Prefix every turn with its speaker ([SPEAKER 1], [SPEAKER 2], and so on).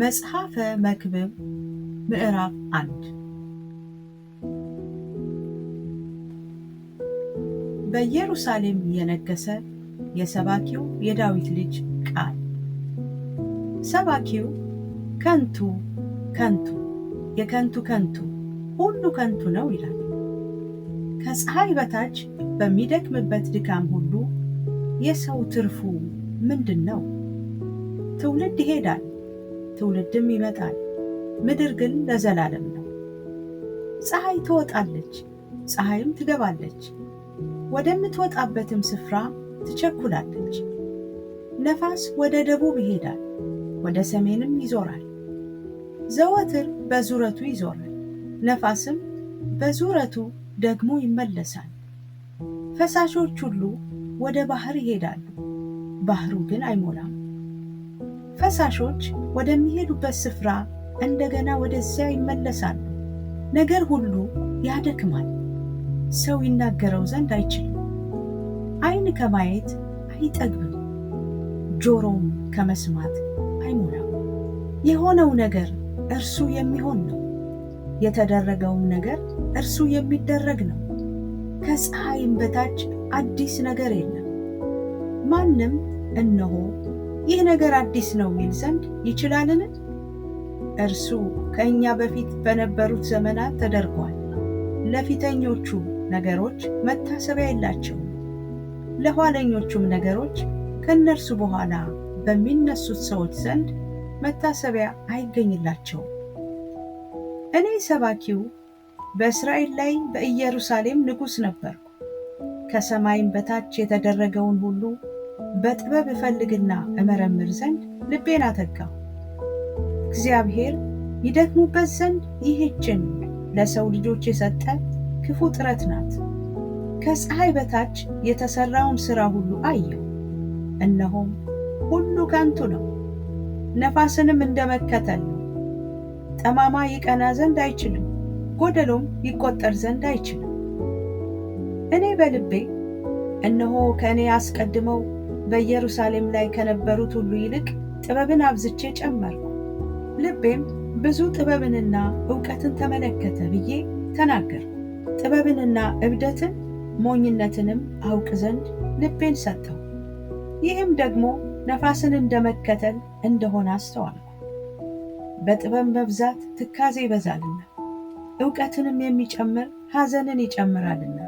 [SPEAKER 1] መጽሐፈ መክብብ ምዕራፍ አንድ በኢየሩሳሌም የነገሰ የሰባኪው የዳዊት ልጅ ቃል። ሰባኪው ከንቱ ከንቱ የከንቱ ከንቱ ሁሉ ከንቱ ነው ይላል። ከፀሐይ በታች በሚደክምበት ድካም ሁሉ የሰው ትርፉ ምንድን ነው? ትውልድ ይሄዳል ትውልድም ይመጣል። ምድር ግን ለዘላለም ነው። ፀሐይ ትወጣለች፣ ፀሐይም ትገባለች፣ ወደምትወጣበትም ስፍራ ትቸኩላለች። ነፋስ ወደ ደቡብ ይሄዳል፣ ወደ ሰሜንም ይዞራል። ዘወትር በዙረቱ ይዞራል፣ ነፋስም በዙረቱ ደግሞ ይመለሳል። ፈሳሾች ሁሉ ወደ ባህር ይሄዳሉ፣ ባህሩ ግን አይሞላም። ፈሳሾች ወደሚሄዱበት ስፍራ እንደገና ወደዚያ ይመለሳሉ። ነገር ሁሉ ያደክማል፣ ሰው ይናገረው ዘንድ አይችልም። ዓይን ከማየት አይጠግብም፣ ጆሮም ከመስማት አይሞላም። የሆነው ነገር እርሱ የሚሆን ነው፣ የተደረገውም ነገር እርሱ የሚደረግ ነው። ከፀሐይም በታች አዲስ ነገር የለም። ማንም እነሆ ይህ ነገር አዲስ ነው የሚል ዘንድ ይችላልን? እርሱ ከእኛ በፊት በነበሩት ዘመናት ተደርጓል። ለፊተኞቹ ነገሮች መታሰቢያ የላቸውም፣ ለኋለኞቹም ነገሮች ከእነርሱ በኋላ በሚነሱት ሰዎች ዘንድ መታሰቢያ አይገኝላቸውም። እኔ ሰባኪው በእስራኤል ላይ በኢየሩሳሌም ንጉሥ ነበርኩ። ከሰማይም በታች የተደረገውን ሁሉ በጥበብ እፈልግና እመረምር ዘንድ ልቤን አተጋው። እግዚአብሔር ይደክሙበት ዘንድ ይህችን ለሰው ልጆች የሰጠ ክፉ ጥረት ናት። ከፀሐይ በታች የተሰራውን ሥራ ሁሉ አየው፣ እነሆም ሁሉ ከንቱ ነው፣ ነፋስንም እንደ መከተል ነው። ጠማማ ይቀና ዘንድ አይችልም፣ ጎደሎም ይቆጠር ዘንድ አይችልም። እኔ በልቤ እነሆ ከእኔ አስቀድመው በኢየሩሳሌም ላይ ከነበሩት ሁሉ ይልቅ ጥበብን አብዝቼ ጨመርኩ፣ ልቤም ብዙ ጥበብንና እውቀትን ተመለከተ ብዬ ተናገርኩ። ጥበብንና እብደትን ሞኝነትንም አውቅ ዘንድ ልቤን ሰጥተው ይህም ደግሞ ነፋስን እንደመከተል እንደሆነ አስተዋልኩ። በጥበብ መብዛት ትካዜ ይበዛልና፣ እውቀትንም የሚጨምር ሐዘንን ይጨምራልና